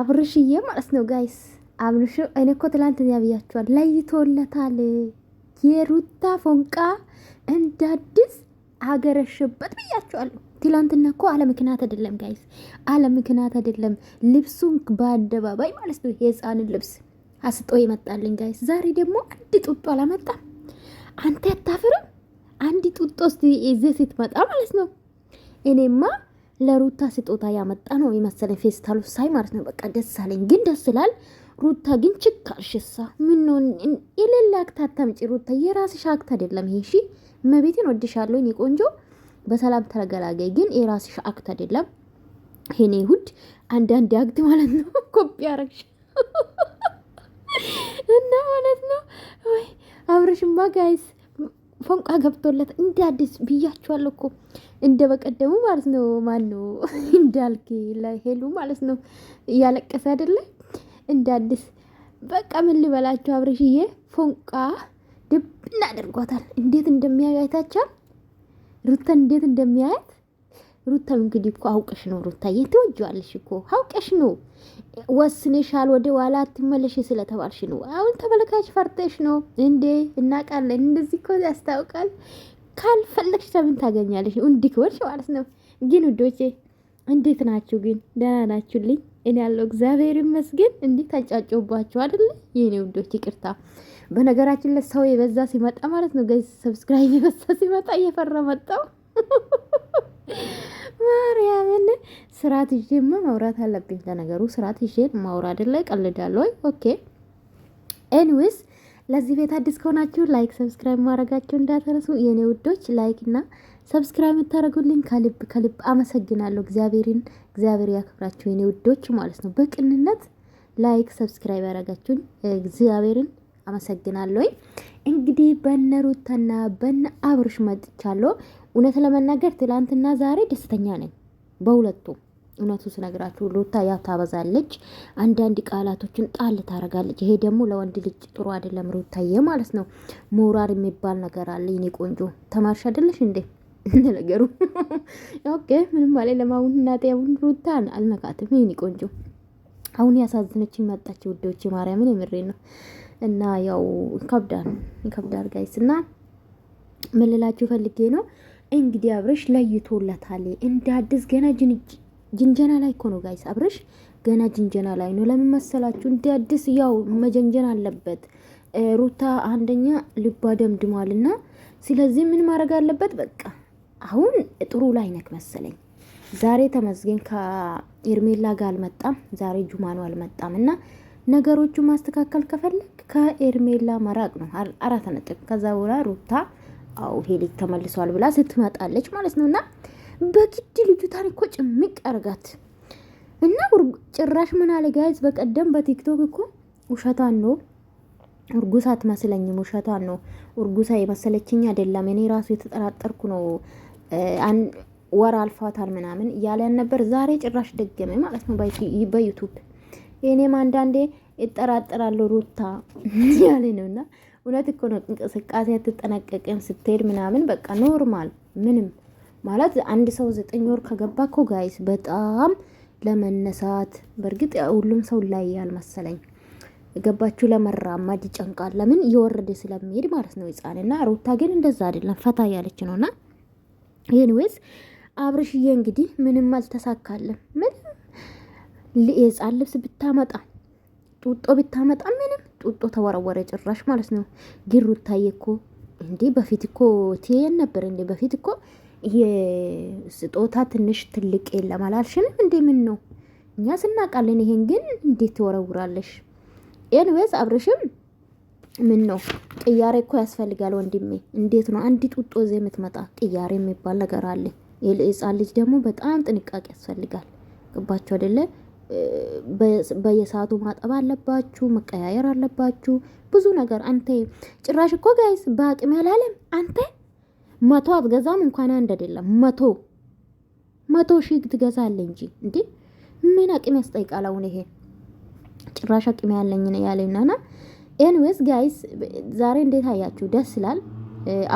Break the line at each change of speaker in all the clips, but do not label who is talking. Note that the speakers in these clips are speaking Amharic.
አብርሽዬ ማለት ነው ጋይስ። አብርሽ እኔ እኮ ትላንትና ያብያቸዋል ለይቶለታል። የሩታ ፎንቃ እንደ አዲስ አገረሽበት ብያቸዋለሁ። ትላንትና እኮ አለ ምክንያት አይደለም ጋይስ፣ አለ ምክንያት አይደለም። ልብሱን በአደባባይ ማለት ነው የህፃንን ልብስ አስጦ ይመጣልን ጋይስ። ዛሬ ደግሞ አንድ ጡጦ አላመጣም። አንተ አታፍርም? አንድ ጡጦ እዚህ ስትመጣ ማለት ነው እኔማ ለሩታ ስጦታ ያመጣ ነው የመሰለ ፌስታሉ ሳይ ማለት ነው። በቃ ደስ አለኝ። ግን ደስ ይላል። ሩታ ግን ችካልሽሳ ምን ነው የሌላ አክት አታምጪ ሩታ፣ የራስሽ አክት አይደለም ይሄ። እሺ መቤቴን ወድሻለሁ የኔ ቆንጆ፣ በሰላም ተገላገይ። ግን የራስሽ አክት አይደለም ይሄኔ። ይሁድ አንዳንድ አክት ማለት ነው ኮፒ አረግሽ እና ማለት ነው ወይ አብረሽማ ጋይስ ፎንቃ ገብቶለት እንደ አዲስ ብያችኋለሁ እኮ እንደ በቀደሙ ማለት ነው። ማን ነው እንዳልክ ላይ ማለት ነው እያለቀሰ አይደለ እንደ አዲስ በቃ ምን ልበላችሁ፣ አብረሽዬ ፎንቃ ድብ እናደርጓታል። እንዴት እንደሚያዩ ሩተን እንዴት እንደሚያያት ሩታም እንግዲህ እኮ አውቀሽ ነው ሩታዬ፣ ትወጂዋለሽ እኮ አውቀሽ ነው ወስንሻል። ወደ ኋላ አትመለሽ ስለተባልሽ ነው። አሁን ተመልካች ፈርተሽ ነው እንዴ? እናቃለን። እንደዚህ እኮ ያስታውቃል። ካልፈለግሽ ተምን ታገኛለሽ? እንዲህ ከሆንሽ ማለት ነው። ግን ውዶቼ እንዴት ናችሁ? ግን ደህና ናችሁልኝ? እኔ ያለው እግዚአብሔር ይመስገን። እንዴት አንጫጨውባችሁ አይደለ? የኔ ውዶች ይቅርታ። በነገራችን ላይ ሰው የበዛ ሲመጣ ማለት ነው፣ ሰብስክራይብ የበዛ ሲመጣ እየፈራ መጣው ማርያምን ስርዓት ይዤማ ማውራት አለብኝ። ለነገሩ ስርዓት ይዤን ማውራድ ላይ ወይ? ኦኬ ኤኒዌይስ ለዚህ ቤት አዲስ ከሆናችሁ ላይክ ሰብስክራይብ ማድረጋችሁ እንዳትረሱ የእኔ ውዶች። ላይክ እና ሰብስክራይብ የምታደርጉልኝ ከልብ ከልብ አመሰግናለሁ። እግዚአብሔርን እግዚአብሔር ያክብራችሁ የኔ ውዶች ማለት ነው። በቅንነት ላይክ ሰብስክራይብ ያደረጋችሁኝ እግዚአብሔርን አመሰግናለሁኝ። እንግዲህ በነ ሩታና በነ አብርሽ መጥቻለሁ። እውነት ለመናገር ትላንትና ዛሬ ደስተኛ ነኝ በሁለቱ እውነቱ ስነግራችሁ ሩታ ያው ታበዛለች፣ አንዳንድ ቃላቶችን ጣል ታረጋለች። ይሄ ደግሞ ለወንድ ልጅ ጥሩ አይደለም። ሩታዬ ማለት ነው ሞራል የሚባል ነገር አለ። ይኔ ቆንጆ ተማርሽ አይደለሽ እንዴ? ነገሩ ኦኬ፣ ምንም ማለት ለማሁን እናቴ አሁን ሩታን አልነካትም። ይኔ ቆንጆ አሁን ያሳዝነችኝ መጣች። ውዶች ማርያምን የምሬ ነው። እና ያው ይከብዳል ይከብዳል ጋይስ እና ምን ፈልጌ ነው እንግዲህ አብረሽ ለይቶለታል እንደ አዲስ ገና ጅንጀና ላይ እኮ ነው ጋይስ አብረሽ ገና ጅንጀና ላይ ነው ለምን መሰላችሁ እንደ አዲስ ያው መጀንጀን አለበት ሩታ አንደኛ ልባ ደምድሟል እና ስለዚህ ምን ማድረግ አለበት በቃ አሁን ጥሩ ላይ ነክ መሰለኝ ዛሬ ተመስገን ከኤርሜላ ጋር አልመጣም ዛሬ ጁማኑ አልመጣም እና ነገሮቹ ማስተካከል ከፈለግ ከኤርሜላ መራቅ ነው። አራት ነጥብ። ከዛ በኋላ ሩታ አው ሄሊክ ተመልሰዋል ብላ ስትመጣለች ማለት ነው። እና በግድ ልጅቷን እኮ ጭምቅ አርጋት እና ጭራሽ ምን አለ ጋይዝ፣ በቀደም በቲክቶክ እኮ ውሸቷን ነው እርጉሳ አትመስለኝም፣ ውሸቷን ነው እርጉሳ የመሰለችኝ አይደለም፣ እኔ ራሱ የተጠራጠርኩ ነው፣ ወር አልፏታል ምናምን እያለ ነበር። ዛሬ ጭራሽ ደገመ ማለት ነው በዩቱብ እኔም አንዳንዴ ይጠራጠራሉ ሩታ ያለ ነው እና እውነት እኮ ነው። እንቅስቃሴ አትጠነቀቅም ስትሄድ ምናምን በቃ ኖርማል ምንም ማለት አንድ ሰው ዘጠኝ ወር ከገባ እኮ ጋይስ በጣም ለመነሳት በእርግጥ ሁሉም ሰው ላይ ያል መሰለኝ ገባችሁ ለመራመድ ይጨንቃል። ለምን እየወረደ ስለሚሄድ ማለት ነው ህጻን እና ሩታ ግን እንደዛ አይደለም ፈታ ያለች ነው እና ኤኒዌይስ አብርሽዬ እንግዲህ ምንም አልተሳካለም። ምን የህጻን ልብስ ብታመጣ ጡጦ ብታመጣ ምንም ጡጦ ተወረወረ ጭራሽ ማለት ነው። ግን ሩታዬ እኮ እንዴ በፊት እኮ ትየን ነበር እንዴ በፊት እኮ የስጦታ ትንሽ ትልቅ የለም አላልሽንም እንዴ? ምን ነው እኛ ስናቃለን። ይሄን ግን እንዴት ትወረውራለሽ? ኤንዌዝ አብርሽም ምን ነው ቅያሬ እኮ ያስፈልጋል ወንድሜ። እንዴት ነው አንድ ጡጦ ዘ የምትመጣ ቅያሬ የሚባል ነገር አለ። የህፃን ልጅ ደግሞ በጣም ጥንቃቄ ያስፈልጋል። ገባችሁ አይደለ? በየሰዓቱ ማጠብ አለባችሁ፣ መቀያየር አለባችሁ። ብዙ ነገር አንተ ጭራሽ እኮ ጋይስ በአቅሜ ያላለም አንተ መቶ አትገዛም እንኳን አንድ አይደለም መቶ መቶ ሺህ ትገዛለ እንጂ እንዴ ምን አቅም ያስጠይቃል? አሁን ይሄ ጭራሽ አቅም ያለኝ ነው ና ኤንዌስ ጋይስ ዛሬ እንዴት አያችሁ? ደስ ይላል።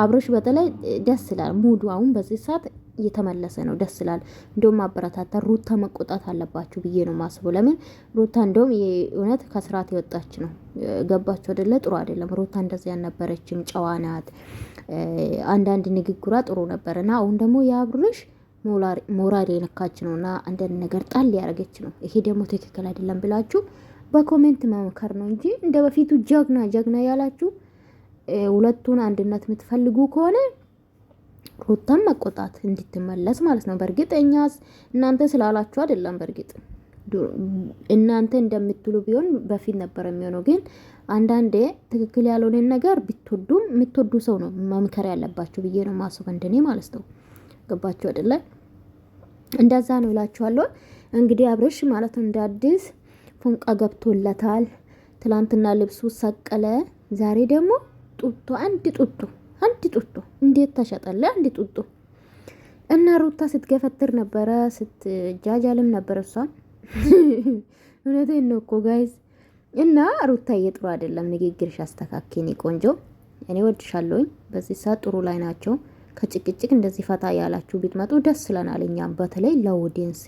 አብሮሽ በተለይ ደስ ይላል ሙዱ አሁን በዚህ ሰዓት እየተመለሰ ነው። ደስ ይላል። እንደውም ማበረታታ ሩታ መቆጣት አለባችሁ ብዬ ነው ማስበው። ለምን ሩታ እንደውም እውነት ከስርዓት የወጣች ነው። ገባችሁ አይደለ? ጥሩ አይደለም። ሩታ እንደዚህ ያልነበረችም ጨዋ ናት። አንዳንድ ንግግሯ ጥሩ ነበር እና አሁን ደግሞ የአብርሽ ሞራል የነካች ነው እና አንዳንድ ነገር ጣል ያደረገች ነው። ይሄ ደግሞ ትክክል አይደለም ብላችሁ በኮሜንት መመከር ነው እንጂ እንደ በፊቱ ጀግና ጀግና ያላችሁ ሁለቱን አንድነት የምትፈልጉ ከሆነ ሩታን መቆጣት እንድትመለስ ማለት ነው። በእርግጥ እኛ እናንተ ስላላችሁ አይደለም። በእርግጥ እናንተ እንደምትሉ ቢሆን በፊት ነበር የሚሆነው። ግን አንዳንዴ ትክክል ያልሆነን ነገር ብትወዱም የምትወዱ ሰው ነው መምከር ያለባችሁ ብዬ ነው ማስብ፣ እንደኔ ማለት ነው። ገባችሁ አይደለ? እንደዛ ነው እላችኋለሁ። እንግዲህ አብረሽ ማለት ነው እንደ አዲስ ፎንቃ ገብቶለታል። ትላንትና ልብሱ ሰቀለ፣ ዛሬ ደግሞ ጡቶ አንድ ጡቶ አንድ ጡቶ እንዴት ተሸጠለ እንዴት ጡጡ እና ሩታ ስትገፈትር ነበረ፣ ስትጃጃልም ነበረ። እሷም እውነቴን ነው እኮ ጋይዝ። እና ሩታ እየጥሩ አይደለም፣ ንግግርሽ አስተካክኝ ቆንጆ። እኔ ወድሻለሁኝ። በዚህ ሰዓት ጥሩ ላይ ናቸው። ከጭቅጭቅ እንደዚህ ፈታ ያላችሁ ብትመጡ ደስ ይለናል። እኛም በተለይ ለውዴንስ